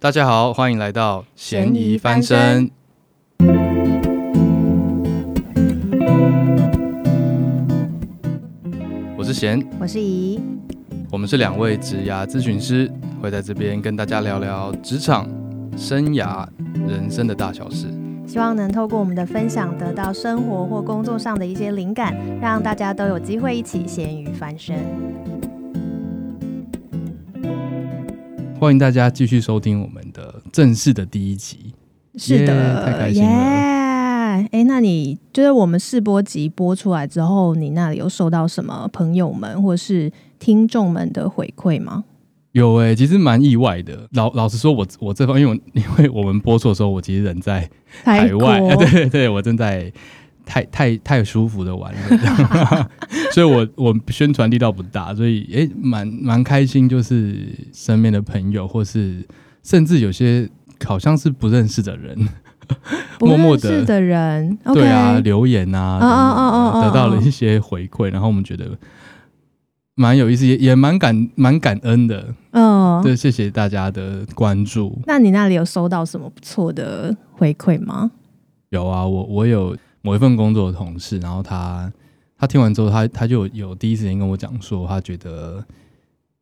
大家好，歡迎來到賢宜翻身。我是賢，我是宜，我們是兩位職涯諮詢師，會在這邊跟大家聊聊職場、生涯、人生的大小事。希望能透過我們的分享，得到生活或工作上的一些靈感，讓大家都有機會一起鹹魚翻身。歡迎大家繼續收聽我們的正式的第一集，yeah, 是的，太開心了。哎、yeah, 欸，那你覺得、就是、我們試播集播出來之後，你那裡有收到什麼朋友們或是聽眾們的回饋嗎？有哎、欸，其實蠻意外的。老老實說我，我我這方因為因為我們播出的時候，我其實人在海外，台啊、對對對，我正在。太太太舒服的玩意， 所以我，我我宣傳力道不大，所以也，也蠻蠻開心，就是身邊的朋友，或是甚至有些好像是不認識的人，的人 默默的，的人、okay，對啊，留言啊，哦哦哦，哦，哦哦、得到了一些回饋、哦哦哦哦哦，然後我們覺得蠻有意思，也也蠻感蠻感恩的，嗯、哦哦，對，謝謝大家的關注。那你那裡有收到什麼不錯的回饋嗎？有啊，我我有。某一份工作的同事，然後他他聽完之後，他他就有，有第一時間跟我講說，他覺得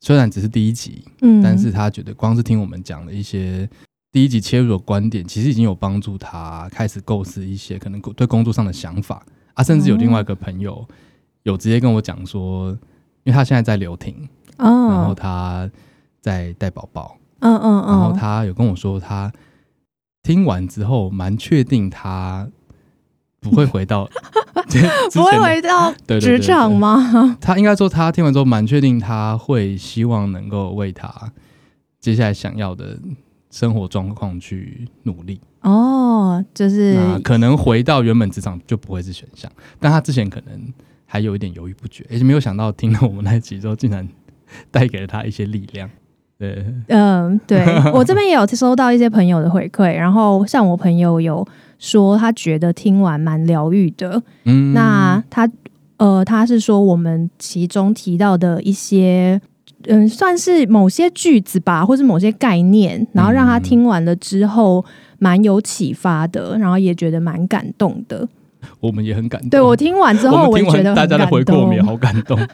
雖然只是第一集，嗯，但是他覺得光是聽我們講的一些第一集切入的觀點，其實已經有幫助他開始構思一些可能對工作上的想法啊，甚至有另外一個朋友、哦、有直接跟我講說，因為他現在在留停、哦、然後他在帶寶寶，然後他有跟我說他聽完之後蠻確定他。 不會回到，不會回到職場嗎？他應該說，他聽完之後蠻確定，他會希望能夠為他接下來想要的生活狀況去努力。哦，就是可能回到原本職場就不會是選項，但他之前可能還有一點猶豫不決，而且沒有想到聽了我們那集之後竟然帶給了他一些力量對、嗯。對，嗯，對，我這邊也有收到一些朋友的回饋，然後像我朋友有。說他覺得聽完蠻療癒的、嗯，那他呃，他是說我們其中提到的一些，嗯，算是某些句子吧，或是某些概念，然後讓他聽完了之後，蠻、嗯、有啟發的，然後也覺得蠻感動的。我們也很感動。對，我聽完之後，我，聽完我也覺得大家的回饋也好感動。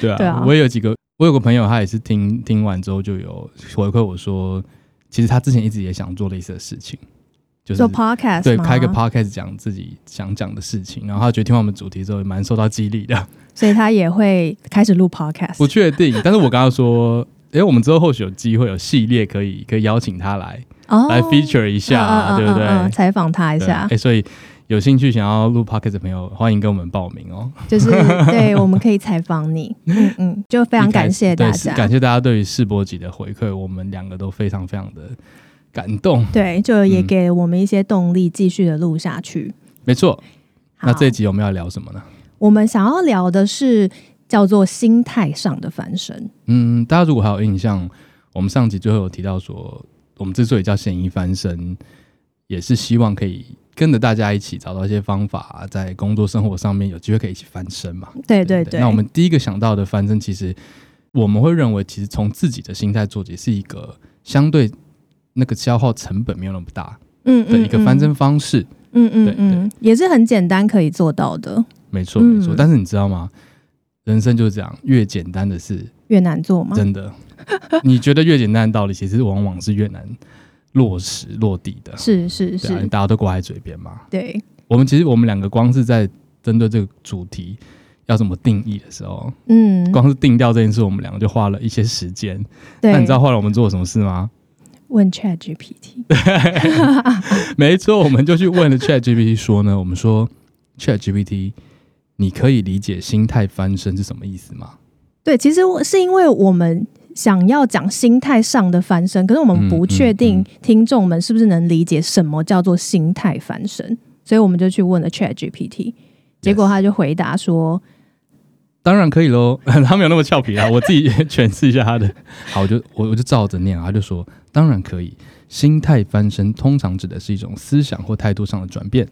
對啊，對啊，我也有幾個，我有個朋友，他也是聽聽完之後就有回饋我說，其實他之前一直也想做類似的事情。就是、做 podcast 對，開個 podcast 講自己想講的事情，嗯、然後他覺得聽完我們主題之後蠻受到激勵的，所以他也會開始錄 podcast。 不確定，但是我剛剛說，誒、 欸、我們之後或許有機會有系列，可以可以邀請他來，oh, 來 feature 一下、啊，uh uh uh uh 對不對？採、uh、訪、uh uh, 他一下。哎、欸，所以有興趣想要錄 podcast 的朋友，歡迎跟我們報名哦。 就是對，我們可以採訪你。 嗯嗯，就非常感謝大家，感謝大家對於試播集的回饋，我們兩個都非常非常的。感動對，就也給我們一些動力，繼續的錄下去。嗯、沒錯，那這一集我們要聊什麼呢？我們想要聊的是叫做心態上的翻身。嗯，大家如果還有印象，我們上集最後有提到說，我們之所以叫“賢宜翻身”，也是希望可以跟着大家一起找到一些方法，在工作生活上面有機會可以一起翻身嘛對對對。對對對。那我們第一個想到的翻身，其實我們會認為，其實從自己的心態做起是一個相對。那個消耗成本沒有那麼大，嗯，嗯，嗯的一個翻身方式，嗯嗯，嗯，嗯，也是很簡單可以做到的，沒錯沒錯，嗯。但是你知道嗎？人生就是這樣，越簡單的事越難做嗎？真的， 你覺得越簡單的道理，其實往往是越難落實落地的，是是是，啊、大家都掛在嘴邊嘛。對我們其實我們兩個光是在針對這個主題要怎麼定義的時候，嗯，光是定調這件事，我們兩個就花了一些時間。對，那你知道後來我們做了什麼事嗎？問 ChatGPT，對，沒錯，我們就去問了 ChatGPT，說呢， 我們說 ChatGPT，你可以理解心態翻身是什麼意思嗎？對，其實是因為我們想要講心態上的翻身，可是我們不確定聽眾們是不是能理解什麼叫做心態翻身，嗯嗯嗯，所以我們就去問了 ChatGPT，結果他就回答說，yes. 當然可以嘍， 他沒有那麼俏皮啊，我自己也詮釋一下他的， 好，我就我我就照着念啊，他就說。當然可以。心態翻身，通常指的是一種思想或態度上的轉變，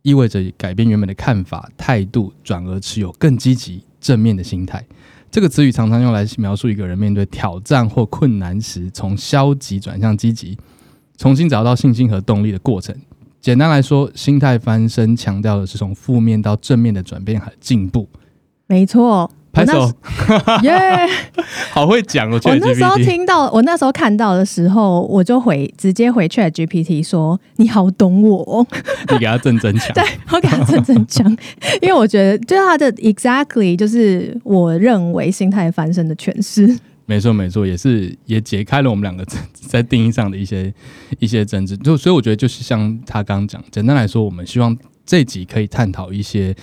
意味着改變原本的看法、態度，轉而持有更積極、正面的心態。這個詞語常常用來描述一個人面對挑戰或困難時，從消極轉向積極，重新找到信心和動力的過程。簡單來說，心態翻身強調的是從負面到正面的轉變和進步。沒錯。沒錯，耶，yeah, 好會講哦！我那時候聽到，我那時候看到的時候，我就回直接回 ChatGPT 說：“你好懂我。 ”你給他正增強，對，我給他正增強， 因為我覺得就是他的 Exactly 就是我認為心態翻身的詮釋。沒錯，沒錯，也是也解開了我們兩個在定義上的一些一些爭執。就所以我覺得就是像他剛剛講，簡單來說，我們希望這集可以探討一些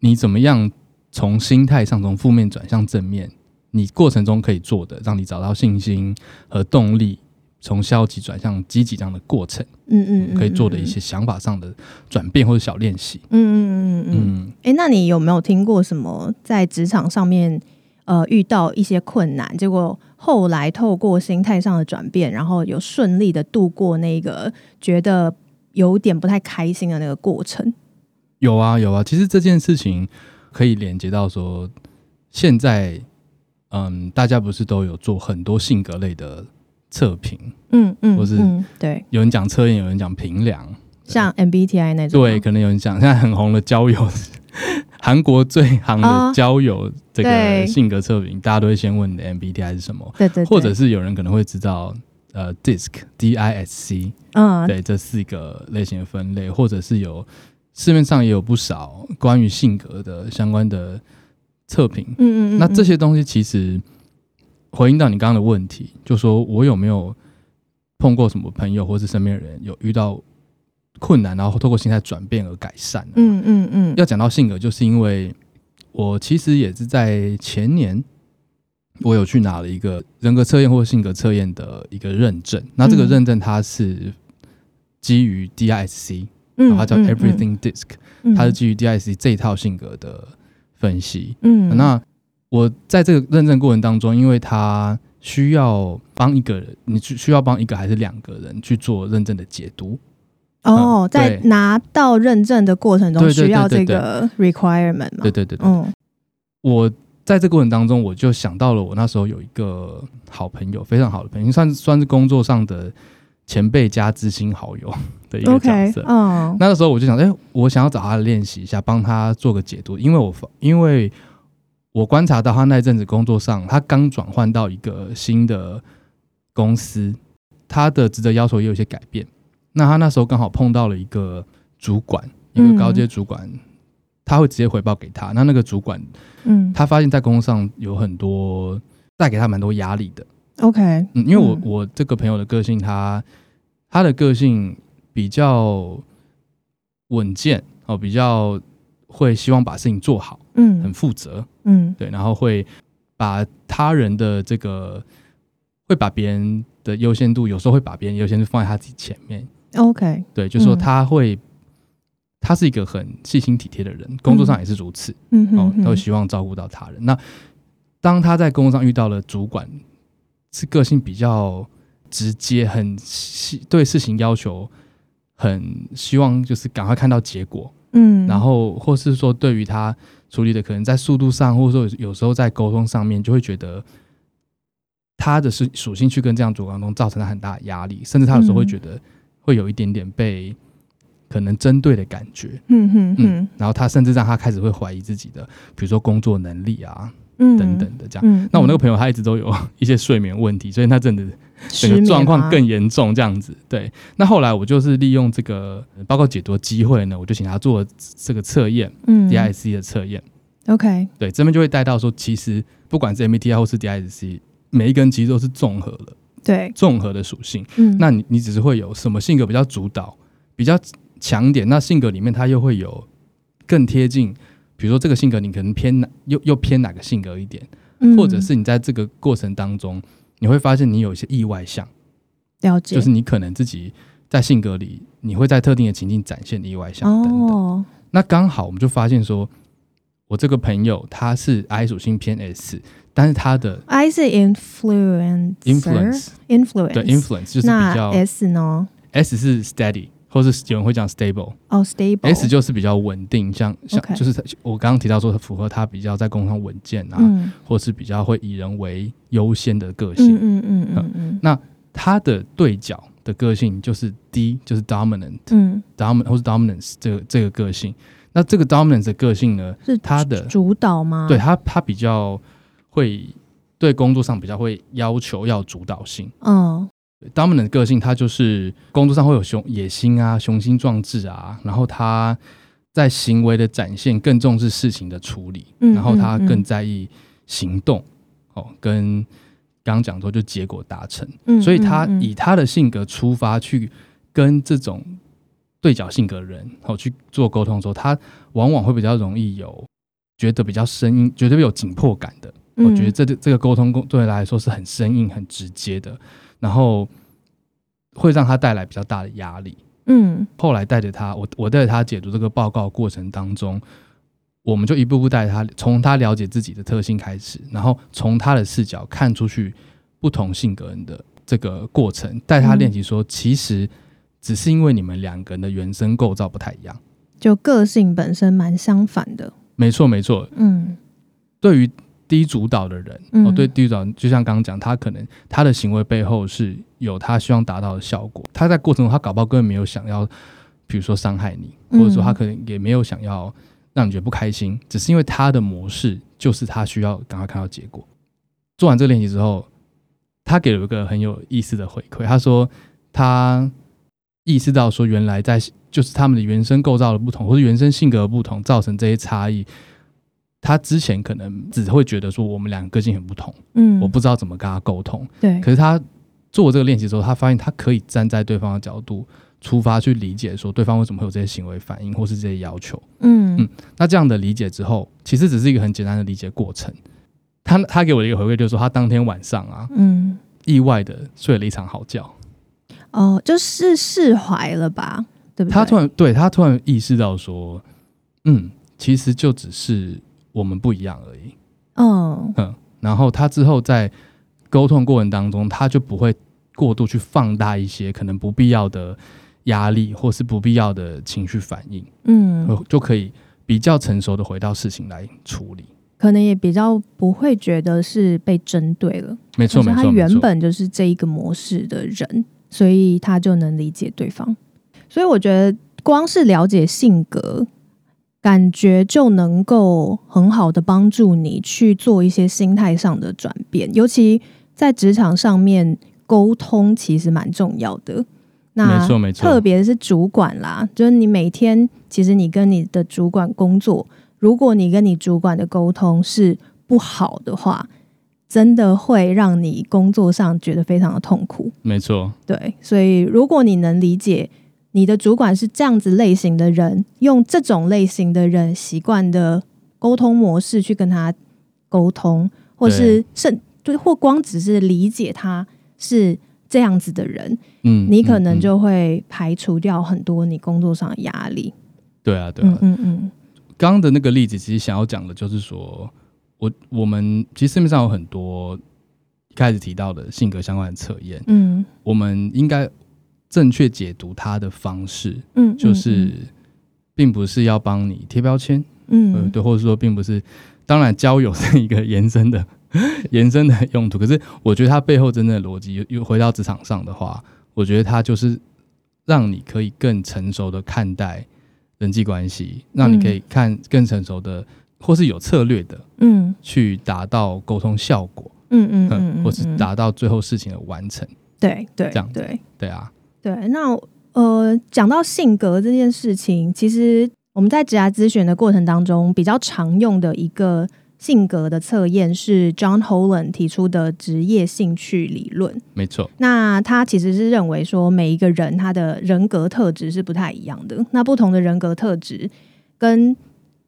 你怎麼樣，從心態上，從負面轉向正面，你過程中可以做的，讓你找到信心和動力，從消極轉向積極這樣的過程，嗯嗯，嗯，嗯，嗯，可以做的一些想法上的轉變或者小練習，嗯嗯嗯嗯哎、嗯欸，那你有沒有聽過什麼在職場上面呃遇到一些困難，結果後來透過心態上的轉變，然後有順利的度過那個覺得有點不太開心的那個過程？有啊有啊，其實這件事情。可以連接到說，現在，嗯，大家不是都有做很多性格類的測評，嗯嗯，或是有人講測驗、嗯、對，有人講測驗，有人講評量，像 MBTI 那種，對，可能有人講現在很紅的交友，韓 國最行的交友這個性格測評，哦，大家都會先問你的 MBTI 是什麼，對，對對，或者是有人可能會知道、呃、DISC，D I S C，嗯，對，這四個類型的分類，或者是有。市面上也有不少關於性格的相關的測評，嗯嗯嗯。那這些東西其實回應到你剛剛的問題，就說我有沒有碰過什麼朋友或是身邊的人有遇到困難，然後透過心態轉變而改善？嗯嗯嗯。要講到性格，就是因為我其實也是在前年，我有去拿了一個人格測驗或性格測驗的一個認證，嗯。那這個認證它是基於 DISC。嗯，它叫 Everything Disc，、嗯嗯嗯、它是基於 DISC 這一套性格的分析。嗯，那我在這個認證過程當中，因為它需要幫一個人，你需需要幫一個還是兩個人去做認證的解讀？哦、嗯，在拿到認證的過程中需要這個 requirement。對對對，對對對對，我在這個過程當中，我就想到了我那時候有一個好朋友，非常好的朋友，算算是工作上的，前輩加知心好友的一個角色。嗯、okay, oh.，那個時候我就想，哎、欸，我想要找他練習一下，幫他做個解讀，因為我因為我觀察到他那陣子工作上，他剛轉換到一個新的公司，他的職責要求也有一些改變。那他那時候剛好碰到了一個主管，嗯、一個高階主管，他會直接回報給他。那那個主管，嗯，他發現，在工作上有很多帶給他蠻多壓力的。OK，嗯，嗯，因為我我這個朋友的個性他，他、嗯、他的個性比較穩健哦，比較會希望把事情做好，嗯，很負責，嗯，對，然後會把他人的這個會把別人的優先度，有時候會把別人優先度放在他自己前面。OK，對，就是說他會、嗯、他是一個很細心體貼的人，工作上也是如此，嗯哼，都、哦、會希望照顧到他人。嗯、哼哼那當他在工作上遇到了主管。是個性比較直接，很對事情要求，很希望就是趕快看到結果，嗯，然後或是說對於他處理的可能在速度上，或者說有時候在溝通上面，就會覺得他的是屬性去跟這樣主管中造成了很大的壓力，甚至他有時候會覺得會有一點點被可能針對的感覺，嗯哼，哼，嗯，然後他甚至讓他開始會懷疑自己的，比如說工作能力啊。嗯，等等的這樣、嗯嗯，那我那個朋友他一直都有一些睡眠問題，所以他真的整個狀況更嚴重這樣子、啊。對，那後來我就是利用這個報告解讀機會呢，我就請他做這個測驗，嗯，DISC 的測驗，OK，對，這邊就會帶到說，其實不管是 MBTI 或是 DISC，每一根其實都是綜合的，對，綜合的屬性。嗯，那你你只是會有什麼性格比較主導，比較強點，那性格裡面他又會有更貼近。比如說這個性格，你可能偏哪，又又偏哪個性格一點、嗯，或者是你在這個過程當中，你會發現你有一些意外項，了解，就是你可能自己在性格裡，你會在特定的情境展現意外項等等、哦、那剛好我們就發現說，我這個朋友他是 I 屬性偏 S，但是他的 influence, I 是 influence，influence，influence，對 influence 就是比較 S 呢，S 是 steady。或是有人會講 stable，哦、oh, stable，S 就是比較穩定，像、okay. 像就是我剛剛提到說符合他比較在工作上穩健啊、嗯，或是比較會以人為優先的個性，嗯嗯嗯嗯，那他的對角的個性就是 D，就是 dominant，嗯，dom 或是 dominance 這個、這個個性。那這個 dominance 的個性呢？是他的主導嗎？他對他，他比較會對工作上比較會要求要主導性，嗯。Dominant 的個性，他就是工作上會有雄野心啊，雄心壯志啊，然後他在行為的展現更重視事情的處理，嗯、然後他更在意行動，嗯嗯、哦。跟剛剛講說，就結果達成、嗯，所以他以他的性格出發去跟這種對角性格的人哦去做溝通的時候，他往往會比較容易有覺得比較生硬，覺得有緊迫感的。我、嗯哦、覺得這個、這個溝通工對來說是很生硬、很直接的。然後會讓他帶來比較大的壓力。嗯，後來帶着他，我我帶着他解讀這個報告過程當中，我們就一步步帶他，從他了解自己的特性開始，然後從他的視角看出去不同性格人的這個過程，帶他練習說，嗯，其實只是因為你們兩個人的原生構造不太一樣，就個性本身蠻相反的。沒錯，沒錯。嗯，對於。低主導的人，我、嗯哦、對低主導，就像剛剛講，他可能他的行為背後是有他希望達到的效果。他在過程中，他搞不好根本沒有想要，比如說傷害你，或者說他可能也沒有想要讓你覺得不開心，嗯、只是因為他的模式就是他需要趕快看到結果。做完這個練習之後，他給了一個很有意思的回饋，他說他意識到說，原來在就是他們的原生構造，的不同，或者原生性格的不同，造成這些差異。他之前可能只會覺得說我們兩個個性很不同，嗯，我不知道怎麼跟他溝通，對。可是他做這個練習的時候，他發現他可以站在對方的角度出發去理解，說對方為什麼會有這些行為反應或是這些要求，嗯嗯。那這樣的理解之後，其實只是一個很簡單的理解過程。他他給我的一個回饋就是說，他當天晚上啊，嗯，意外的睡了一場好覺，哦，就是釋懷了吧？對不對？他突然對他突然意識到說，嗯，其實就只是。我們不一樣而已，嗯嗯，然後他之後在溝通過程當中，他就不會過度去放大一些可能不必要的壓力，或是不必要的情緒反應，嗯，就可以比較成熟的回到事情來處理，可能也比較不會覺得是被針對了，沒錯沒錯，他原本就是這一個模式的人，所以他就能理解對方，所以我覺得光是了解性格。感覺就能夠很好的幫助你去做一些心態上的轉變，尤其在職場上面溝通其實蠻重要的。那沒錯沒錯，特別是主管啦，就是你每天其實你跟你的主管工作，如果你跟你主管的溝通是不好的話，真的會讓你工作上覺得非常的痛苦。沒錯，對，所以如果你能理解。你的主管是這樣子類型的人，用這種類型的人習慣的溝通模式去跟他溝通，或是甚對，或光只是理解他是這樣子的人，嗯，你可能就會排除掉很多你工作上的壓力。對啊，對啊，嗯嗯。剛剛的那個例子，其實想要講的就是說，我我們其實市面上有很多一開始提到的性格相關的測驗，嗯，我們應該。正確解讀他的方式，嗯，嗯，嗯，就是並不是要幫你貼標籤，嗯、呃，對，或者說並不是，當然交友是一個延伸的， 延伸的用途。可是我覺得它背後真正的邏輯，又回到職場上的話，我覺得它就是讓你可以更成熟的看待人際關係，嗯，讓你可以看更成熟的，或是有策略的，嗯，去達到溝通效果，嗯嗯，嗯，嗯，嗯，或是達到最後事情的完成，對對，這樣對對啊。對，那呃，講到性格這件事情，其實我們在職涯諮詢的過程當中，比較常用的一個性格的測驗是 John Holland 提出的職業興趣理論。沒錯，那他其實是認為說，每一個人他的人格特質是不太一樣的，那不同的人格特質跟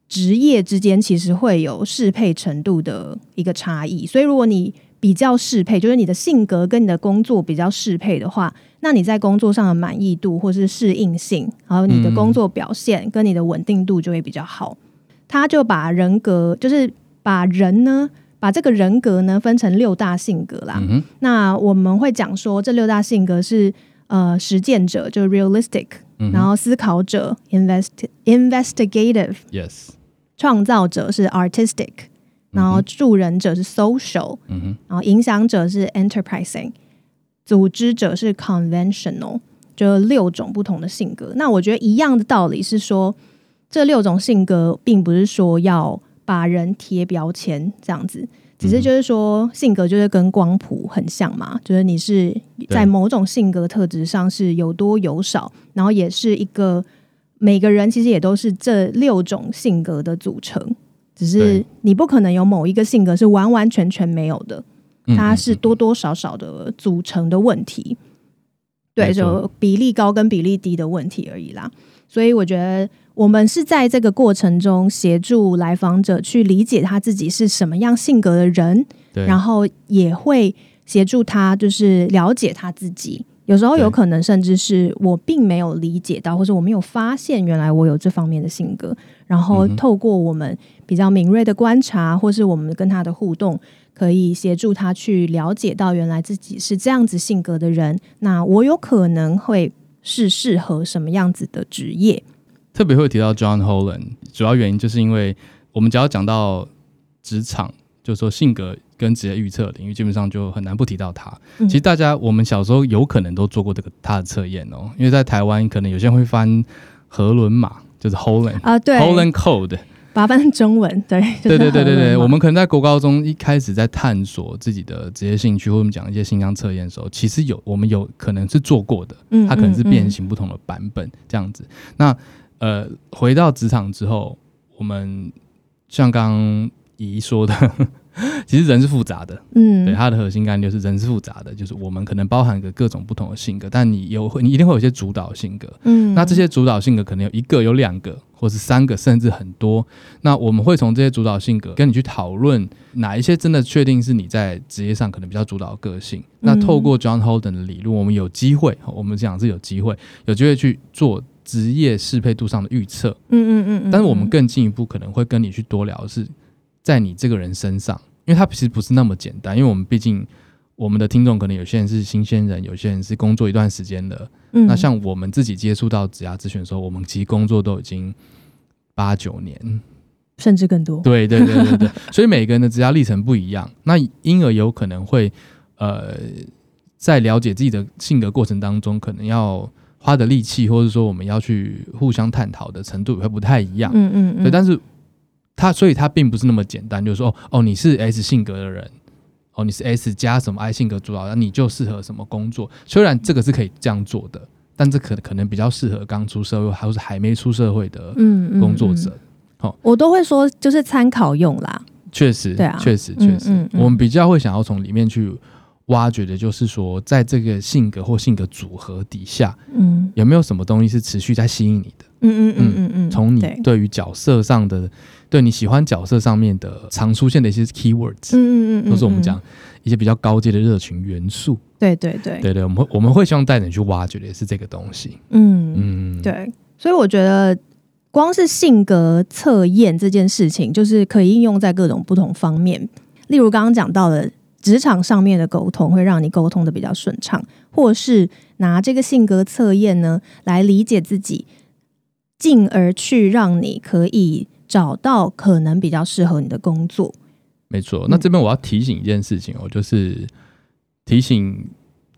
職業之間其實會有適配程度的一個差異，所以如果你，比較適配，就是你的性格跟你的工作比較適配的話，那你在工作上的滿意度或是適應性，還有你的工作表現跟你的穩定度就會比較好。嗯。他就把人格，就是把人呢，把這個人格呢分成六大性格啦。嗯，那我們會講說，這六大性格是呃實踐者就 realistic，嗯，然後思考者 invest investigative，yes，創造者是 artistic。然後助人者是 social，嗯，然後影響者是 enterprising，組織者是 conventional，就是六種不同的性格。那我覺得一樣的道理是說，這六種性格並不是說要把人貼標籤這樣子，只是就是說性格就是跟光譜很像嘛，就是你是在某種性格的特質上是有多有少，然後也是一個每個人其實也都是這六種性格的組成。只是你不可能有某一個性格是完完全全沒有的，它是多多少少的組成的問題，嗯嗯對，就比例高跟比例低的問題而已啦。所以我覺得我們是在這個過程中協助來訪者去理解他自己是什麼樣性格的人，然後也會協助他就是了解他自己。有時候有可能甚至是我並沒有理解到，或者我沒有發現原來我有這方面的性格。然後透過我們比較敏銳的觀察、嗯，或是我們跟他的互動，可以協助他去了解到原來自己是這樣子性格的人。那我有可能會是適合什麼樣子的職業？特別會提到 John Holland，主要原因就是因為我們只要講到職場，就是、說性格跟職業預測領域，基本上就很難不提到他。嗯、其實大家我們小時候有可能都做過這個他的測驗哦，因為在台灣可能有些人會翻荷輪馬。就是 Holland 啊，uh，對 Holland Code，把它翻成中文。對，對對對對對對、就是，我們可能在國高中一開始在探索自己的職業興趣，或我們講一些性向測驗的時候，其實有我們有可能是做過的，嗯，它可能是變形不同的版本這樣子。嗯嗯嗯，那呃，回到職場之後，我們像剛剛宜說的呵呵。其實人是複雜的，嗯，對，它的核心概念就是人是複雜的，就是我們可能包含着各種不同的性格，但你有你一定會有一些主導性格，嗯，那這些主導性格可能有一個、有兩個，或是三個，甚至很多。那我們會從這些主導性格跟你去討論哪一些真的確定是你在職業上可能比較主導個性。嗯。那透過 John Holland 的理論，我們有機會，我們講是有機會，有機會去做職業適配度上的預測，嗯，嗯嗯嗯。但是我們更進一步可能會跟你去多聊的是。在你這個人身上，因為他其實不是那麼簡單，因為我們畢竟我們的聽眾可能有些人是新鮮人，有些人是工作一段時間的。嗯、那像我們自己接觸到職涯諮詢的時候，我們其實工作都已經八九年，甚至更多。對對對對，對，對 所以每個人的職涯歷程不一樣，那因而有可能會呃，在了解自己的性格過程當中，可能要花的力氣，或者說我們要去互相探討的程度會不太一樣。嗯嗯嗯，對，但是。他所以他並不是那麼簡單，就是說哦哦你是 S 性格的人，哦你是 S 加什麼 I 性格主導，那你就適合什麼工作。雖然這個是可以這樣做的，但這可可能比較適合剛出社會還是還沒出社會的嗯工作者嗯嗯嗯。哦，我都會說就是參考用啦。確實，對啊，確實確實嗯嗯嗯，我們比較會想要從裡面去挖掘的，就是說在這個性格或性格組合底下，嗯，有沒有什麼東西是持續在吸引你的？嗯嗯嗯嗯，嗯，嗯，從、嗯、你對於角色上的。就你喜歡角色上面的常出現的一些 keywords，嗯嗯嗯，嗯，嗯，嗯，都是我們講一些比較高階的熱情元素。對對對，對對，我們會我們會希望帶你去挖掘的也是這個東西。嗯嗯，對，所以我覺得光是性格測驗這件事情，就是可以應用在各種不同方面。例如剛剛講到的職場上面的溝通，會讓你溝通得比較順暢，或是拿這個性格測驗呢來理解自己，進而去讓你可以。找到可能比較適合你的工作，沒錯。那這邊我要提醒一件事情哦，嗯、我就是提醒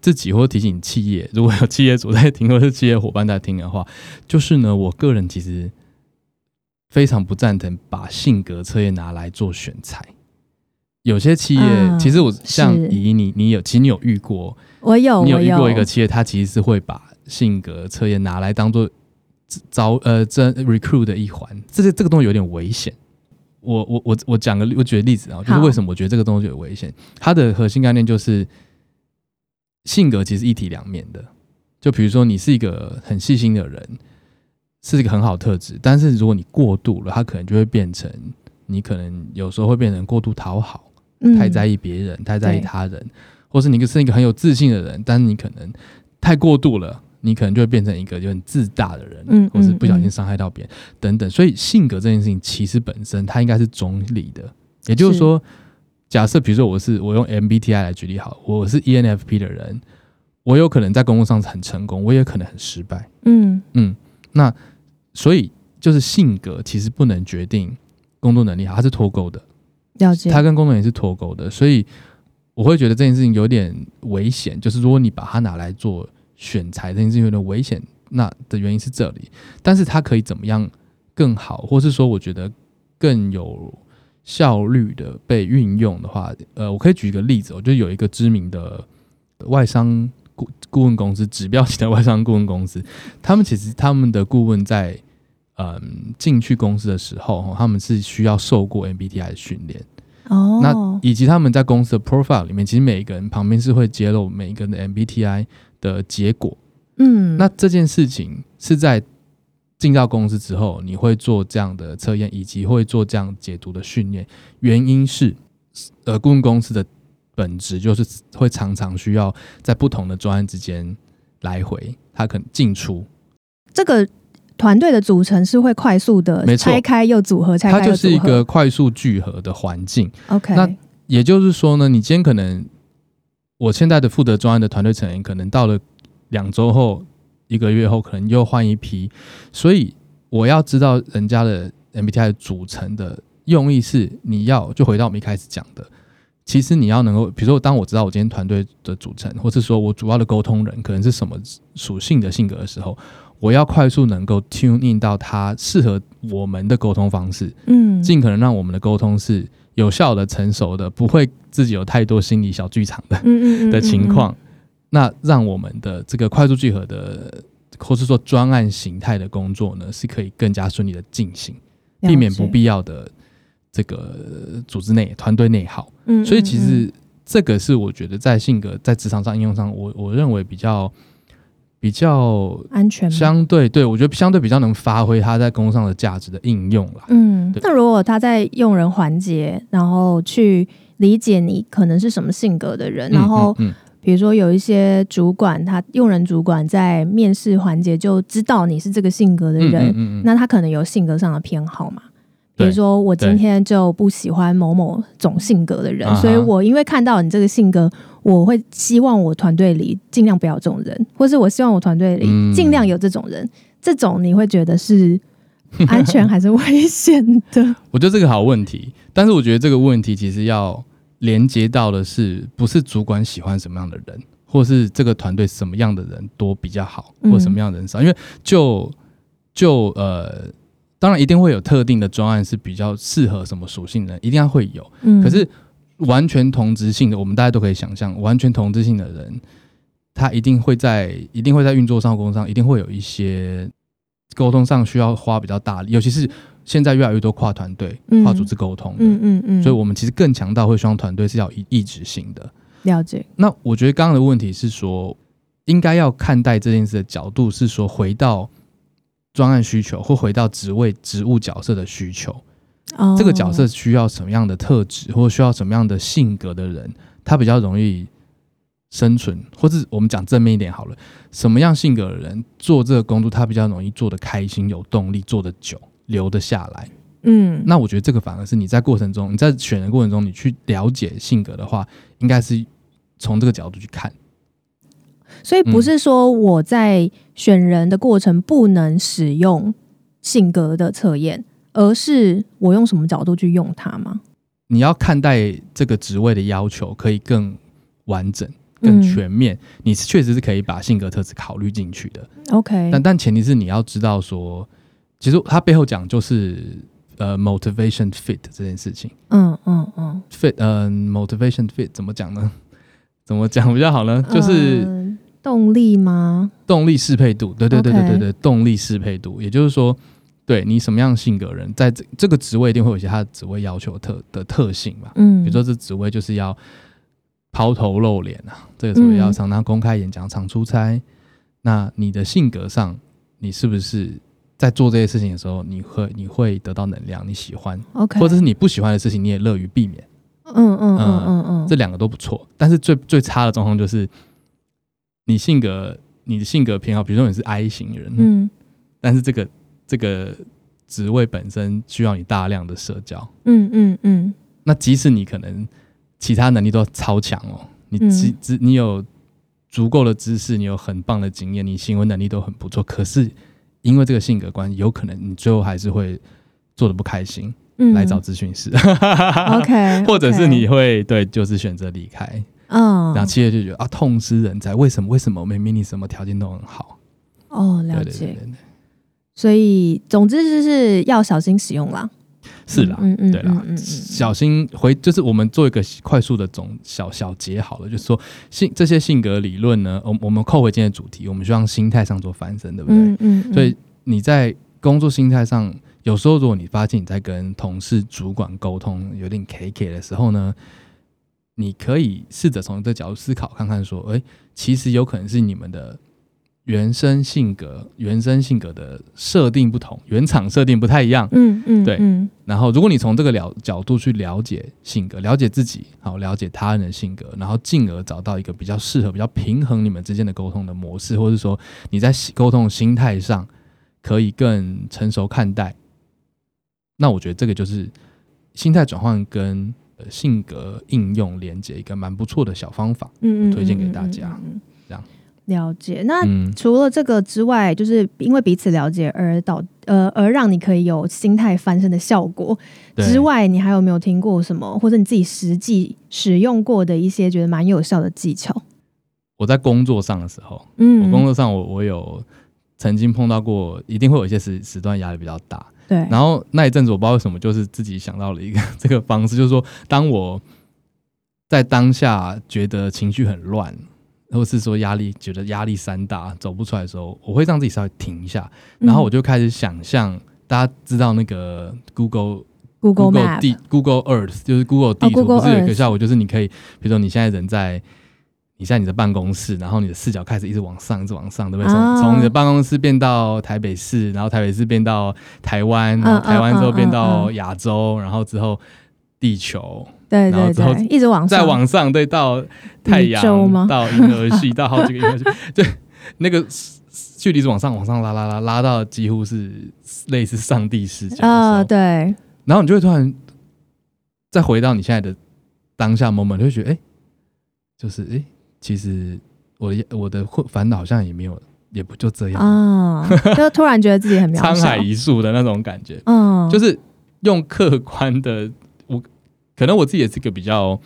自己，或提醒企業，如果有企業主在聽，或是企業夥伴在聽的話，就是呢，我個人其實非常不贊成把性格測驗拿來做選才。有些企業，嗯、其實我像以你，你有，其實你有遇過，我有，你有遇過一個企業，他其實是會把性格測驗拿來當做。招呃，這 recruit 的一環，這些，這個東西有點危險。我我我我講個，我舉個例子啊，就是為什麼我覺得這個東西有危險。它的核心概念就是性格其實一體兩面的。就比如說，你是一個很細心的人，是一個很好特質，但是如果你過度了，他可能就會變成你可能有時候會變成過度討好，太在意別人，嗯、太在意他人，或是你是一個很有自信的人，但是你可能太過度了。你可能就會變成一個就很自大的人，嗯，或是不小心傷害到別人、嗯嗯嗯、等等。所以性格這件事情其實本身它應該是中立的，也就是說，是假設比如說我是我用 MBTI 來舉例，好，我是 ENFP 的人，我有可能在工作上是很成功，我也可能很失敗，嗯嗯。那所以就是性格其實不能決定工作能力，好，它是脫鈎的，了解，它跟工作也是脫鈎的。所以我會覺得這件事情有點危險，就是如果你把它拿來做。選材的，其實有點危險。那的原因是這裡，但是它可以怎麼樣更好，或是說我覺得更有效率的被運用的話，呃，我可以舉一個例子。我覺得有一個知名的外商顧顧問公司，指標性的外商顧問公司，他們其實他們的顧問在嗯進去公司的時候，他們是需要受過 MBTI 的訓練哦。Oh. 那以及他們在公司的 profile 裡面，其實每一個人旁邊是會揭露每一個人的 MBTI。的結果，嗯，那這件事情是在進到公司之後，你會做這樣的測驗，以及會做這樣解讀的訓練。原因是，呃，顧問公司的本質就是會常常需要在不同的專案之間來回，他可能進出。這個團隊的組成是會快速的拆開又組合，拆開，沒錯，它就是一個快速聚合的環境。OK，那也就是說呢，你今天可能。我現在的負責專案的團隊成員，可能到了兩週後、一個月後，可能又換一批。所以我要知道人家的 MBTI 組成的用意是，你要就回到我們一開始講的，其實你要能夠，比如說，當我知道我今天團隊的組成，或是說我主要的溝通人可能是什麼屬性的性格的時候，我要快速能夠 tune in 到他適合我們的溝通方式，嗯，盡可能讓我們的溝通是。有效的、成熟的，不會自己有太多心理小劇場的嗯嗯嗯嗯 的情況，那讓我們的這個快速聚合的，或是說專案形態的工作呢，是可以更加順利的進行，避免不必要的這個組織內團隊內耗、嗯嗯嗯。所以，其實這個是我覺得在性格在職場上應用上我，我我認為比較。比較對對安全嗎？相對對，我覺得相對比較能發揮他在工作上的價值的應用啦嗯，那如果他在用人環節，然後去理解你可能是什麼性格的人，然後、嗯嗯嗯、比如說有一些主管，他用人主管在面試環節就知道你是這個性格的人、嗯嗯嗯嗯，那他可能有性格上的偏好嘛？比如說，我今天就不喜歡某某種性格的人，所以我因為看到你這個性格，啊、我會希望我團隊裡儘量不要這種人，或是我希望我團隊裡儘量有這種人、嗯。這種你會覺得是安全還是危險的？ 我覺得這個好問題，但是我覺得這個問題其實要連接到的是，不是主管喜歡什麼樣的人，或是這個團隊什麼樣的人多比較好，或什麼樣的人少？嗯、因為就就呃。當然，一定會有特定的專案是比較適合什麼屬性的人，一定要會有。嗯、可是完全同質性的，我們大家都可以想象，完全同質性的人，他一定會在一定會在運作上、工作上，一定會有一些溝通上需要花比較大力。尤其是現在越來越多跨團隊、嗯、跨組織溝通嗯嗯嗯，嗯。所以我們其實更強調會希望團隊是要異質性的。了解。那我覺得剛剛的問題是說，應該要看待這件事的角度是說，回到。專案需求，或回到職位、職務角色的需求，oh. 這個角色需要什麼樣的特質，或者需要什麼樣的性格的人，他比較容易生存，或是我們講正面一點好了，什麼樣性格的人做這個工作，他比較容易做得開心、有動力、做得久、留得下來。嗯、mm.，那我覺得這個反而是你在過程中，你在選的過程中，你去了解性格的話，應該是從這個角度去看。所以不是說我在選人的過程不能使用性格的測驗，嗯，而是我用什麼角度去用它嗎？你要看待這個職位的要求可以更完整，更全面。嗯、你是確實是可以把性格特質考慮進去的。OK，但但前提是你要知道說，其實他背後講就是呃，motivation fit 這件事情。嗯嗯嗯，fit 嗯、呃、motivation fit 怎麼講呢？怎麼講比較好呢？就是。嗯動力嗎？動力適配度，對對對對對對，okay. 動力適配度，也就是說，對你什麼樣性格人，在這這個職位一定會有一些他的職位要求的特的特性嘛，嗯，比如說這職位就是要拋頭露臉啊，這個職位要常常公開演講、常出差、嗯，那你的性格上，你是不是在做這些事情的時候，你會你會得到能量，你喜歡，OK，或者是你不喜歡的事情，你也樂於避免，嗯嗯嗯嗯嗯，嗯、呃，這兩個都不錯，但是最最差的狀況就是。你性格你的性格偏好，比如說你是 I 型人，嗯，但是這個這個職位本身需要你大量的社交，嗯嗯嗯。那即使你可能其他能力都超強哦，你只只、嗯、你有足夠的知識，你有很棒的經驗，你行為能力都很不錯，可是因為這個性格關係，有可能你最後還是會做得不開心，嗯、來找諮詢師，OK，哈哈哈或者是你會對，就是選擇離開。嗯、哦，然後企業就覺得啊，痛失人才，為什麼？為什麼明明你什麼條件都很好？哦，了解，對對對對，所以總之就是要小心使用啦。是啦，嗯嗯，嗯，嗯，嗯，嗯，對啦嗯，小心回。就是我們做一個快速的總小小結好了。就是說性這些性格理論呢，我們扣回今天的主題，我們需要心態上做翻身，對不對？嗯，嗯，嗯。所以你在工作心態上，有時候如果你發現你在跟同事、主管溝通有點 K K 的時候呢？你可以試着從這角度思考，看看說，誒、欸，其實有可能是你們的原生性格、原生性格的設定不同，原廠設定不太一樣。嗯嗯，對。嗯、然後，如果你從這個了角度去了解性格、了解自己，好，了解他人的性格，然後進而找到一個比較適合、比較平衡你們之間的溝通的模式，或是說你在溝通的心態上可以更成熟看待，那我覺得這個就是心態轉換跟性格應用連接一個蠻不錯的小方法，嗯,嗯,嗯,嗯推薦給大家。這樣了解。那除了這個之外，嗯、就是因為彼此了解而導呃而讓你可以有心態翻身的效果之外，你還有沒有聽過什麼，或者你自己實際使用過的一些覺得蠻有效的技巧？我在工作上的時候，嗯,嗯，我工作上我我有曾經碰到過，一定會有一些時時段壓力比較大。對，然後那一陣子我不知道為什麼，就是自己想到了一個這個方式，就是說，當我在當下覺得情緒很亂，或是說壓力覺得壓力山大走不出來的時候，我會讓自己稍微停一下，嗯、然後我就開始想象，大家知道那個 Google Google 地 Google, Google Earth，就是 Google 地圖，oh, 不是有個效果，可笑我就是你可以，比如說你現在人在。你在你的辦公室，然後你的視角開始一直往上，一直往上，對不對？從、哦、從你的辦公室變到台北市，然後台北市變到台灣，嗯、台灣之後變到亞洲、嗯嗯嗯，然後之後地球，對，對，對，然後之後一直往上，再往上，對，到太陽，到銀河系，到好幾個銀河系，對， 那個距離是往上往上拉拉拉拉到幾乎是類似上帝視角啊、哦！對，然後你就會突然再回到你現在的當下，moment，就會覺得，哎、欸，就是哎。欸其實我我的煩惱好像也沒有，也不就這樣啊，oh, 就突然覺得自己很渺小。滄 海一粟的那種感覺。嗯、oh.，就是用客觀的，我可能我自己也是一個比較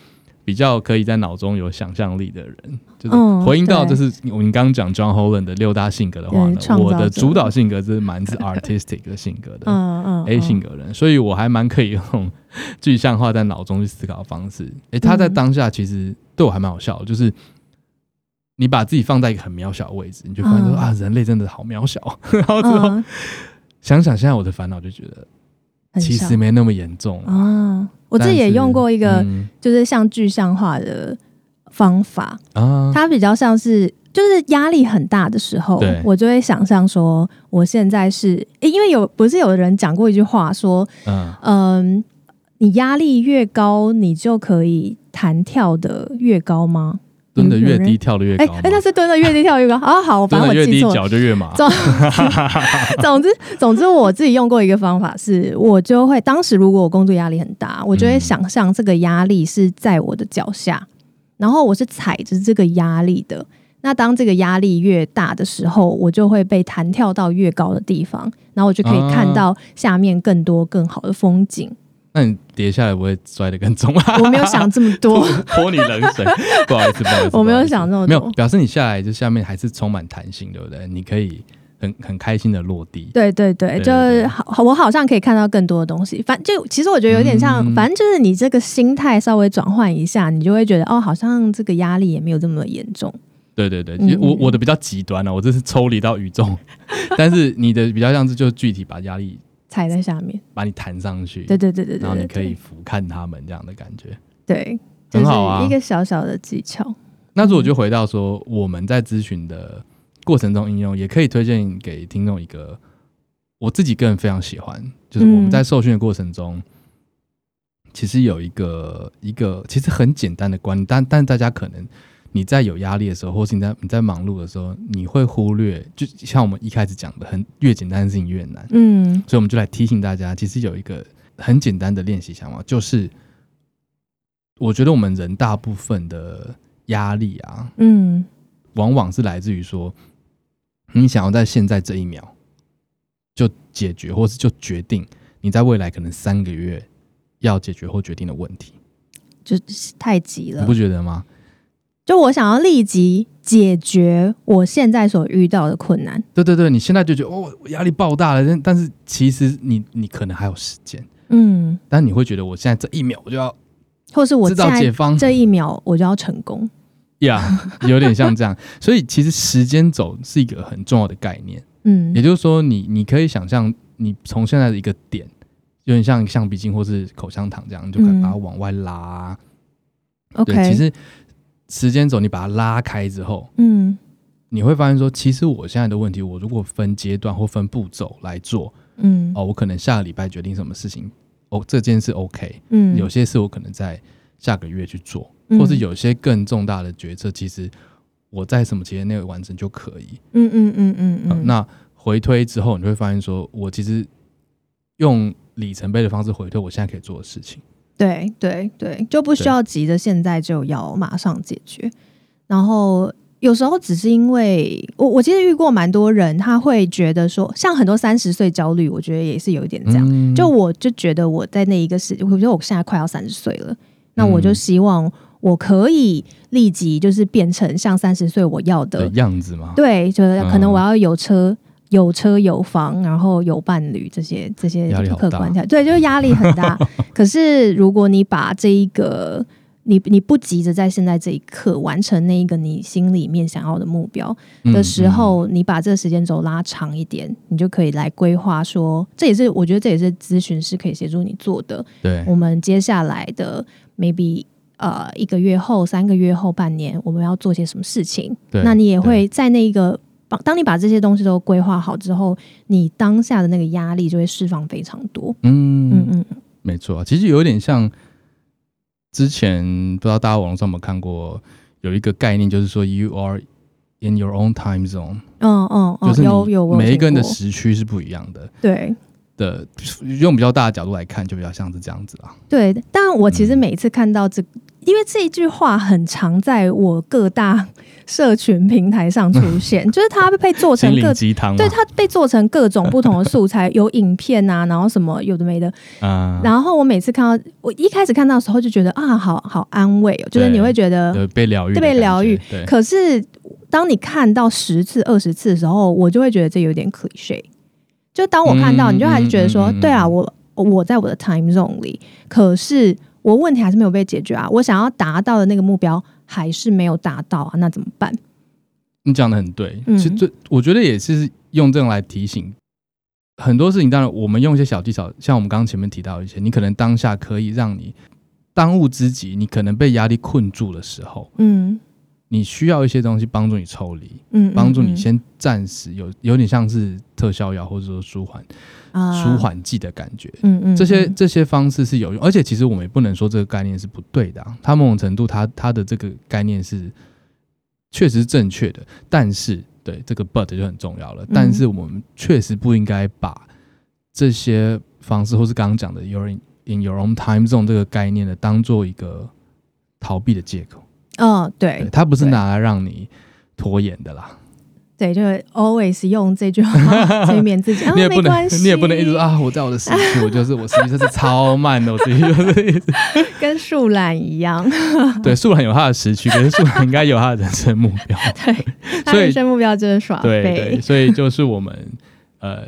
比較可以在腦中有想象力的人，就是回應到就是我們、oh, 剛剛講 John Holland 的六大性格的話呢，我的主導性格是蠻是 Artistic 的性格的 oh, oh, oh.，A 性格的人，所以我還蠻可以用具象化在腦中去思考的方式。哎、欸，他在當下其實對我還蠻好笑，就是。你把自己放在一個很渺小的位置，你就發現說，uh, 啊，人類真的好渺小。 然後，之後，uh, 想想現在我的煩惱，就覺得其實沒那麼嚴重啊，uh,。我自己也用過一個，嗯、就是像具象化的方法啊，uh, 它比較像是，就是壓力很大的時候，uh, 我就會想象說，我現在是，欸，因為有不是有人講過一句話說，嗯、uh, 呃，你壓力越高，你就可以彈跳的越高嗎？蹲的越、嗯越，欸欸、越低，跳的越高。哎、 哦，那是蹲的越低，跳越高。啊，好，反正我記錯了。越低，腳就越麻。總， 總之，總之，我自己用過一個方法是，我就會當時如果我工作壓力很大，我就會想象這個壓力是在我的腳下、嗯，然後我是踩着這個壓力的。那當這個壓力越大的時候，我就會被彈跳到越高的地方，然後我就可以看到下面更多更好的風景。嗯那你跌下來不會摔得更重嗎？我沒有想這麼多， 潑你冷水，不好意思， 不好意思。我沒有想這麼多，沒有表示你下來就下面還是充滿彈性，對不對？你可以很很開心的落地。對對對，對，對，對，對，對就，就是好，我好像可以看到更多的東西。反就其實我覺得有點像，嗯嗯反正就是你這個心態稍微轉換一下，你就會覺得哦，好像這個壓力也沒有這麼嚴重。對對對，其實我我的比較極端了、啊，我這是抽離到宇宙，但是你的比較像是就具體把壓力。踩在下面，把你彈上去。對，對對對對對，然後你可以俯瞰他們這樣的感覺，對，很好啊。一個小小的技巧。啊、那如果就回到說我們在諮詢的過程中應用、嗯，也可以推薦給聽眾一個，我自己個人非常喜歡，就是我們在受訓的過程中，嗯、其實有一個一個其實很簡單的觀但但大家可能。你在有壓力的時候，或是你在你在忙碌的時候，你會忽略，就像我們一開始講的，很越簡單的事情越難。嗯，所以我們就來提醒大家，其實有一個很簡單的練習想法，就是我覺得我們人大部分的壓力啊，嗯，往往是來自於說，你想要在現在這一秒就解決，或是就決定你在未來可能三個月要解決或決定的問題，就是太急了，你不覺得嗎？就我想要立即解決我現在所遇到的困難。對對對，你現在就覺得哦，壓力爆大了。但是其實你你可能還有時間。嗯。但你會覺得我現在這一秒我就要，或是我知道解方這一秒我就要成功。呀、yeah,，有點像這樣。 所以其實時間走是一個很重要的概念。嗯。也就是說你，你你可以想象，你從現在的一個點，有點像橡皮筋或是口香糖這樣，就可以把它往外拉。嗯、OK，其實時間軸，你把它拉開之後，嗯，你會發現說，其實我現在的問題，我如果分階段或分步驟來做，嗯，哦，我可能下個禮拜決定什麼事情，哦，這件事 OK，嗯，有些事我可能在下個月去做，或是有些更重大的決策，其實我在什麼期間內完成就可以，嗯嗯嗯嗯,嗯、呃，那回推之後，你會發現說我其實用里程碑的方式回推，我現在可以做的事情。對對對，就不需要急着現在就要馬上解決。然後有時候只是因為我，我其實遇過蠻多人，他會覺得說，像很多三十歲焦慮，我覺得也是有一點這樣。嗯、就我就覺得我在那一個時間，我覺得我現在快要三十歲了，那我就希望我可以立即就是變成像三十歲我要的樣子嘛。對，就可能我要有車。嗯有車有房，然後有伴侶，這些這些客觀條件，對，就是壓力很大。 可是，如果你把這一個你你不急着在現在這一刻完成那一個你心裡面想要的目標的時候，嗯嗯、你把這個時間軸拉長一點，你就可以來規劃說，這也是我覺得這也是諮詢師可以協助你做的。對，我們接下來的 maybe 呃一個月後、三個月後、半年，我們要做些什麼事情？對，那你也會在那一個。當你把這些東西都規劃好之後，你當下的那個壓力就會釋放非常多。嗯嗯嗯，沒錯啊。其實有點像之前不知道大家網絡上有沒有看過，有一個概念就是說 “you are in your own time zone” 嗯。嗯嗯嗯，就是有有每一個人的時區是不一樣的。對的，用比較大的角度來看，就比較像是這樣子了。對，但我其實每次看到這，嗯，因為這一句話很常在我各大。社群平台上出現， 就是它被做成各，對，它被做成各種不同的素材， 有影片啊，然後什麼有的沒的，嗯，然後我每次看到，我一開始看到的時候就覺得啊，好好安慰，就是你會覺得被療癒，對，被療癒。可是當你看到十次、二十次的時候，我就會覺得這有點 cliché，就當我看到，嗯，你就還是覺得說，嗯嗯嗯，對啊，我我在我的 time zone 裡，可是我問題還是沒有被解決啊，我想要達到的那個目標，還是沒有達到啊？那怎麼辦？你講得很對，嗯、其實我覺得也是用這種來提醒很多事情。當然，我們用一些小技巧，像我們剛剛前面提到一些，你可能當下可以讓你當務之急，你可能被壓力困住的時候，嗯。你需要一些東西幫助你抽離，嗯，嗯，嗯，幫助你先暫時有有點像是特效藥或者說舒緩，舒緩劑的感覺，嗯嗯，嗯，這些這些方式是有用，而且其實我們也不能說這個概念是不對的，啊，它某種程度它它的這個概念是確實是正確的，但是對這個 but 就很重要了，嗯，但是我們確實不應該把這些方式或是剛剛講的 your in, in your own time zone 這個概念呢當做一個逃避的借口。嗯、哦，對，他不是拿來讓你拖延的啦。對，就是 always 用這句話催眠 自己、啊。你也不能，你也不能一直說啊，我在我的時區， 我就是我時區，真的超慢的，我時區就是。 跟樹懶一樣。 對，樹懶有它的時區，可是樹懶應該有它的人生目標。 對，它人生目標就是耍廢。對對，所以就是我們呃，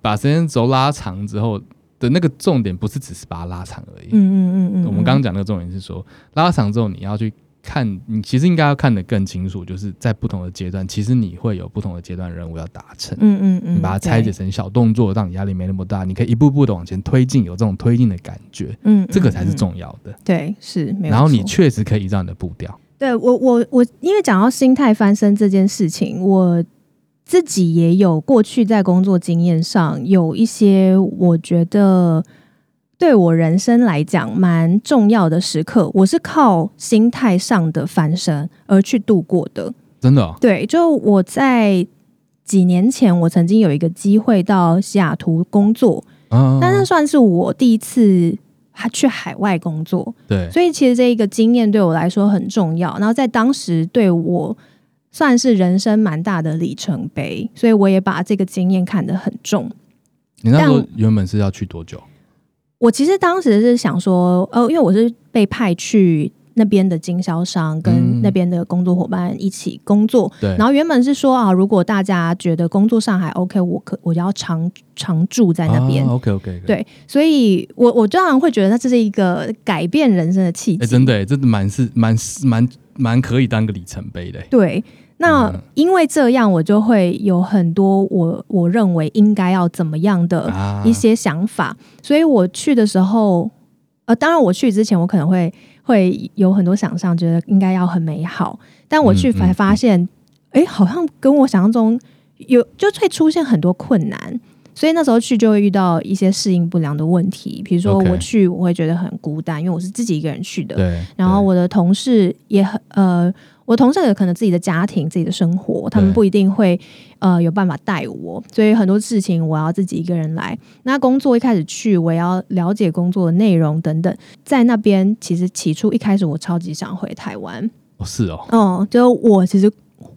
把時間軸拉長之後的那個重點，不是只是把它拉長而已。嗯嗯嗯嗯，嗯。我們剛剛講那個重點是說，拉長之後你要去。看你其實應該要看得更清楚，就是在不同的階段，其實你會有不同的階段任務要達成。嗯嗯嗯，你把它拆解成小動作，讓你壓力沒那麼大，你可以一步步的往前推進，有這種推進的感覺。嗯、嗯、嗯，這個才是重要的。對，是。然後你確實可以讓你的步調。對我，我我，因為講到心態翻身這件事情，我自己也有過去在工作經驗上有一些，我覺得。對我人生來講，蠻重要的時刻，我是靠心態上的翻身而去度過的。真的、哦？對，就我在幾年前，我曾經有一個機會到西雅圖工作，啊啊啊啊，但那那算是我第一次去海外工作。對，所以其實這一個經驗對我來說很重要。然後在當時對我算是人生蠻大的里程碑，所以我也把這個經驗看得很重。你那時候原本是要去多久？我其實當時是想說，呃、哦，因為我是被派去那邊的經銷商，跟那邊的工作夥伴一起工作。嗯、對。然後原本是說啊，如果大家覺得工作上還 OK，我可我就要常常住在那邊。啊、okay, OK OK。對，所以我我經常會覺得它這是一個改變人生的契機。哎，真的，真的蠻是蠻是蠻蠻可以當個里程碑的。對。那因為這樣，我就會有很多我我認為應該要怎麼樣的一些想法，啊，所以我去的時候，呃，當然我去之前，我可能會會有很多想象，覺得應該要很美好，但我去才發現，哎，嗯嗯欸，好像跟我想象中有就會出現很多困難，所以那時候去就會遇到一些適應不良的問題，比如說我去，我會覺得很孤單，因為我是自己一個人去的，對，對然後我的同事也很呃。我同事也可能自己的家庭、自己的生活，他們不一定會呃有辦法帶我，所以很多事情我要自己一個人來。那工作一開始去，我也要了解工作的內容等等。在那邊其實起初一開始我超級想回台灣。哦，是哦，哦，就我其實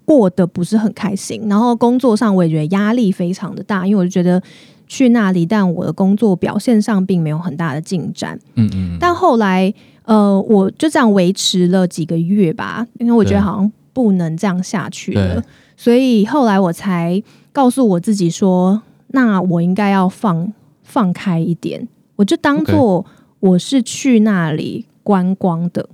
過得不是很開心。然後工作上我也覺得壓力非常的大，因為我就覺得去那裡，但我的工作表現上並沒有很大的進展。嗯嗯，嗯，但後來。呃，我就這樣維持了幾個月吧，因為我覺得好像不能這樣下去了，所以後來我才告訴我自己說，那我應該要放放開一點，我就當做我是去那裡觀光的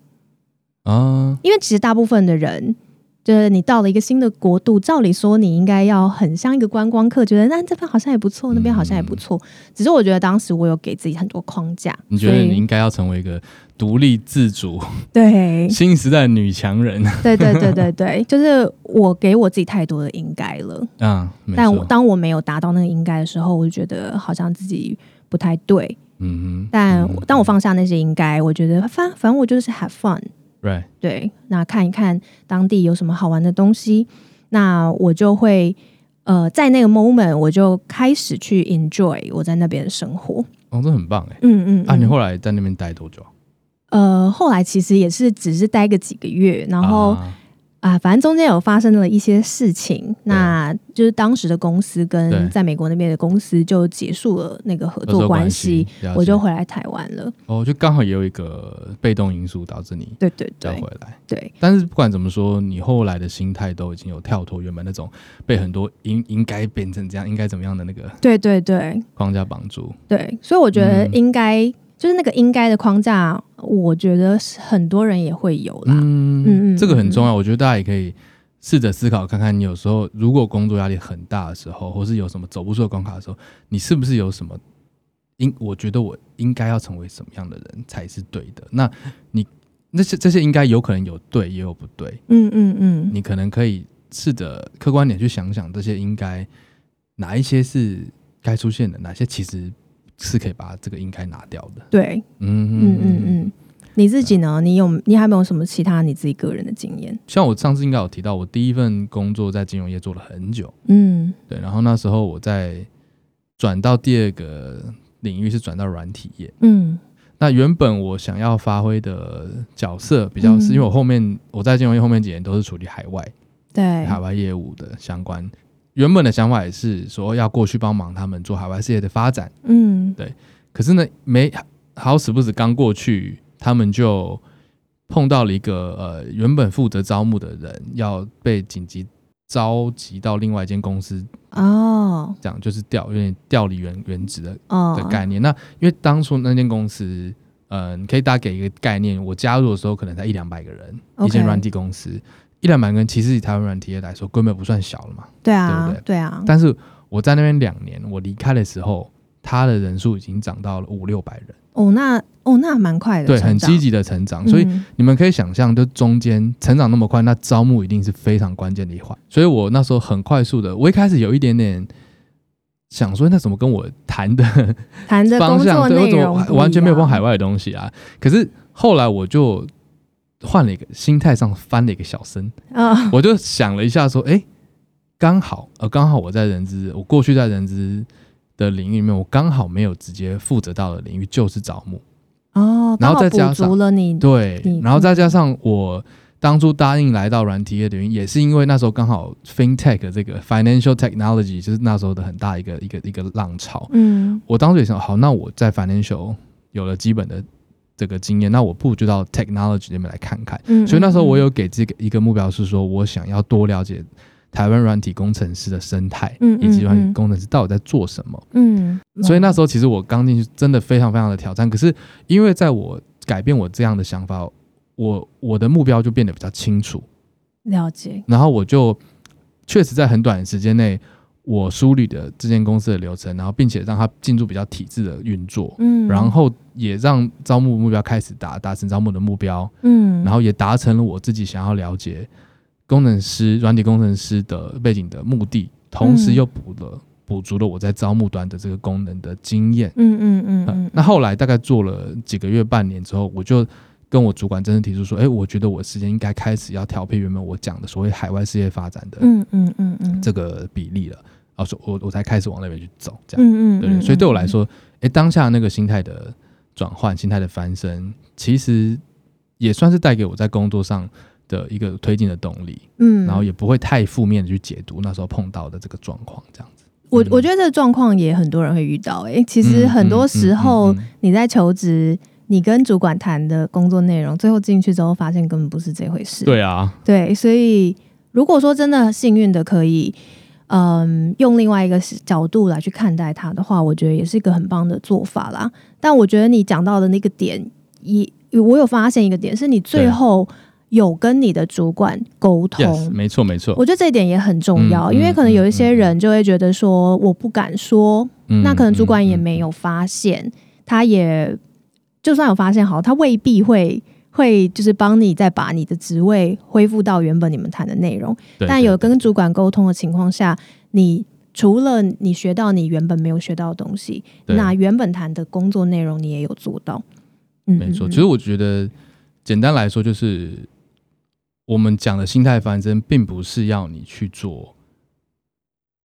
啊、okay。因為其實大部分的人，就是你到了一個新的國度，照理說你應該要很像一個觀光客，覺得那這邊好像也不錯，那邊好像也不錯、嗯。只是我覺得當時我有給自己很多框架，你覺得你應該要成為一個。獨立自主，對，新時代女強人，對對對對對， 就是我給我自己太多的應該了，啊，但我當我沒有達到那個應該的時候，我就覺得好像自己不太對，嗯哼，但我、嗯、哼當我放下那些應該，我覺得反反正我就是 have fun，對、right.，對，那看一看當地有什麼好玩的東西，那我就會呃在那個 moment 我就開始去 enjoy 我在那邊的生活，哦，這很棒哎，嗯，嗯嗯，啊，你後來在那邊待多久？呃，後來其實也是只是待個幾個月，然後啊、啊，反正中間有發生了一些事情，那就是當時的公司跟在美國那邊的公司就結束了那個合作關係，我就回來台灣了、了。哦，就剛好也有一個被動因素導致你再對對對回來，對。但是不管怎麼說，你後來的心態都已經有跳脫原本那種被很多應應該變成這樣，應該怎麼樣的那個對對對框架綁住。對，所以我覺得應該，嗯。就是那個應該的框架，我覺得很多人也會有啦。嗯嗯嗯，這個很重要，嗯。我覺得大家也可以試着思考，看看你有時候如果工作壓力很大的時候，或是有什麼走不出的關卡的時候，你是不是有什麼應？我覺得我應該要成為什麼樣的人才是對的？那你那些這些應該有可能有對，也有不對。嗯嗯嗯，你可能可以試着客觀點去想想，這些應該哪一些是該出現的，哪些其實。是可以把這個應該拿掉的。對，嗯嗯嗯嗯，你自己呢？你有你還沒有什麼其他你自己個人的經驗？像我上次應該有提到，我第一份工作在金融業做了很久，嗯，對，然後那時候我在轉到第二個領域是轉到軟體業，嗯，那原本我想要發揮的角色比較是、嗯、因為我後面我在金融業後面幾年都是處理海外，對，海外業務的相關。原本的想法也是說要過去幫忙他們做海外事業的發展，嗯，對。可是呢，沒好死不死，剛過去他們就碰到了一個呃，原本負責招募的人要被緊急召集到另外一間公司啊、哦，這樣就是調，因為調離原原職的、哦、的概念。那因為當初那間公司，嗯、呃，你可以大概給一個概念，我加入的時候可能才一兩百個人，okay、一間軟體公司。一兩百人，其實以台灣軟體業來說，根本不算小了嘛。對啊，對不對？對啊。但是我在那邊兩年，我離開的時候，他的人數已經漲到了五六百人。哦，那哦，那蠻快的，對，很積極的成長、嗯。所以你們可以想象，就中間成長那麼快，那招募一定是非常關鍵的一環。所以我那時候很快速的，我一開始有一點點想說，那怎麼跟我談的方向、內容，對，我怎麼完全沒有碰海外的東西啊，啊。可是後來我就。換了一個心態上翻了一個小身。啊、oh.，我就想了一下說，哎、欸，剛好呃，剛好我在人資，我過去在人資的領域裡面，我剛好沒有直接負責到的領域就是招募哦，然後再加上你對，然後再加上我當初答應來到軟體業的原因，也是因為那時候剛好 fintech 這個 financial technology 就是那時候的很大一個一個一個浪潮，嗯，我當時也想，好，那我在 financial 有了基本的。這個經驗，那我不如就到 technology 裡面來看看嗯嗯嗯。所以那時候我有給這個一個目標，是說嗯嗯，我想要多了解台灣軟體工程師的生態嗯嗯嗯，以及軟體工程師到底在做什麼。嗯，所以那時候其實我剛進去，真的非常非常的挑戰，嗯。可是因為在我改變我這樣的想法，我我的目標就變得比較清楚，了解。然後我就確實在很短的時間內。我梳理的這間公司的流程，然後並且讓它進入比較體制的運作，嗯，然後也讓招募目標開始達達成招募的目標，嗯，然後也達成了我自己想要了解工程師、軟體工程師的背景的目的，同時又補了、嗯、補足了我在招募端的這個功能的經驗，嗯嗯嗯嗯。嗯，那後來大概做了幾個月、半年之後，我就。跟我主管真正提出說，哎、欸，我覺得我時間應該開始要調配原本我講的所謂海外事業發展的，嗯嗯嗯嗯，這個比例了，嗯嗯嗯、啊，說我我才開始往那邊去走，這樣，嗯嗯，對，對。所以對我來說，哎、欸，當下那個心態的轉換、心態的翻身，其實也算是帶給我在工作上的一個推進的動力，嗯，然後也不會太負面的去解讀那時候碰到的這個狀況，這樣子。我、嗯、我覺得這個狀況也很多人會遇到、欸，哎，其實很多時候你在求職。嗯嗯嗯嗯你跟主管談的工作內容，最後進去之後發現根本不是這回事。對啊，對，所以如果說真的幸運的可以，嗯，用另外一個角度來去看待他的話，我覺得也是一個很棒的做法啦。但我覺得你講到的那個點，一我有發現一個點，是你最後有跟你的主管溝通，啊、yes, 沒錯沒錯，我覺得這一點也很重要、嗯，因為可能有一些人就會覺得說我不敢說，嗯、那可能主管也沒有發現，嗯、他也。就算有發現好，他未必會會就是幫你再把你的職位恢復到原本你們談的內容。對對對，但有跟主管溝通的情況下，你除了你學到你原本沒有學到的東西，那原本談的工作內容你也有做到。嗯，嗯，沒錯。其實我覺得，簡單來說，就是我們講的心態翻身，並不是要你去做。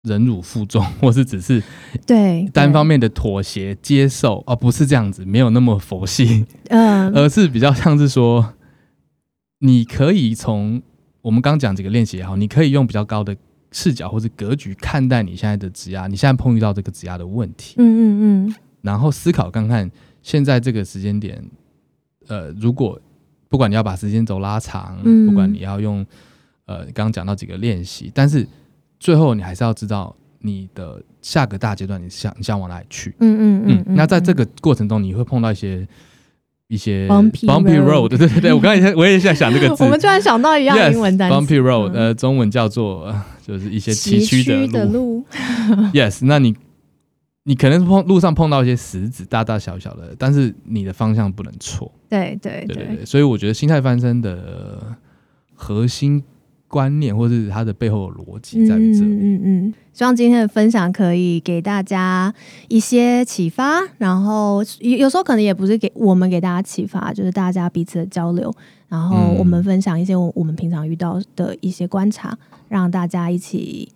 忍辱負重，或是只是對單方面的妥協接受，而、啊、不是這樣子，沒有那麼佛系，嗯，而是比較像是說，你可以從我們剛講幾個練習也好，你可以用比較高的視角或是格局看待你現在的職涯，你現在碰遇到這個職涯的問題，嗯嗯嗯，然後思考看看現在這個時間點，呃，如果不管你要把時間軸拉長、嗯，不管你要用，呃，剛剛講到幾個練習，但是。最後，你還是要知道你的下個大階段，你想你想往哪裡去？嗯嗯嗯，那在這個過程中，你會碰到一些一些 bumpy road，bumpy road 對對對。我剛才我也在想這個字 我們突然想到一樣英文單詞、yes，bumpy road、嗯、呃，中文叫做就是一些崎嶇的路。的路 yes，那你你可能是碰路上碰到一些石子，大大小小的，但是你的方向不能錯。 對對對，對對對，所以我覺得心態翻身的核心。觀念，或者是它的背後的邏輯，在這裡。嗯嗯嗯希望今天的分享可以給大家一些啟發。然後有有時候可能也不是給我們給大家啟發，就是大家彼此的交流。然後我們分享一些我們平常遇到的一些觀察，嗯、讓大家一起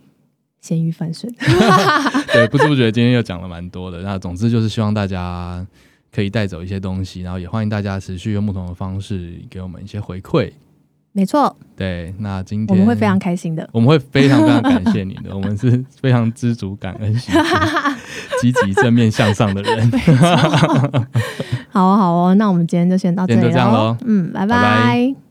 鹹魚翻身。 對，不知不覺今天又講了蠻多的。 那總之就是希望大家可以帶走一些東西，然後也歡迎大家持續用不同的方式給我們一些回饋。沒錯，對，那今天我們會非常開心的，我們會非常非常感謝你的， 我們是非常知足感恩心， 積極正面向上的人。 沒錯 好哦好哦，那我們今天就先到這裡了，嗯，拜拜。Bye bye。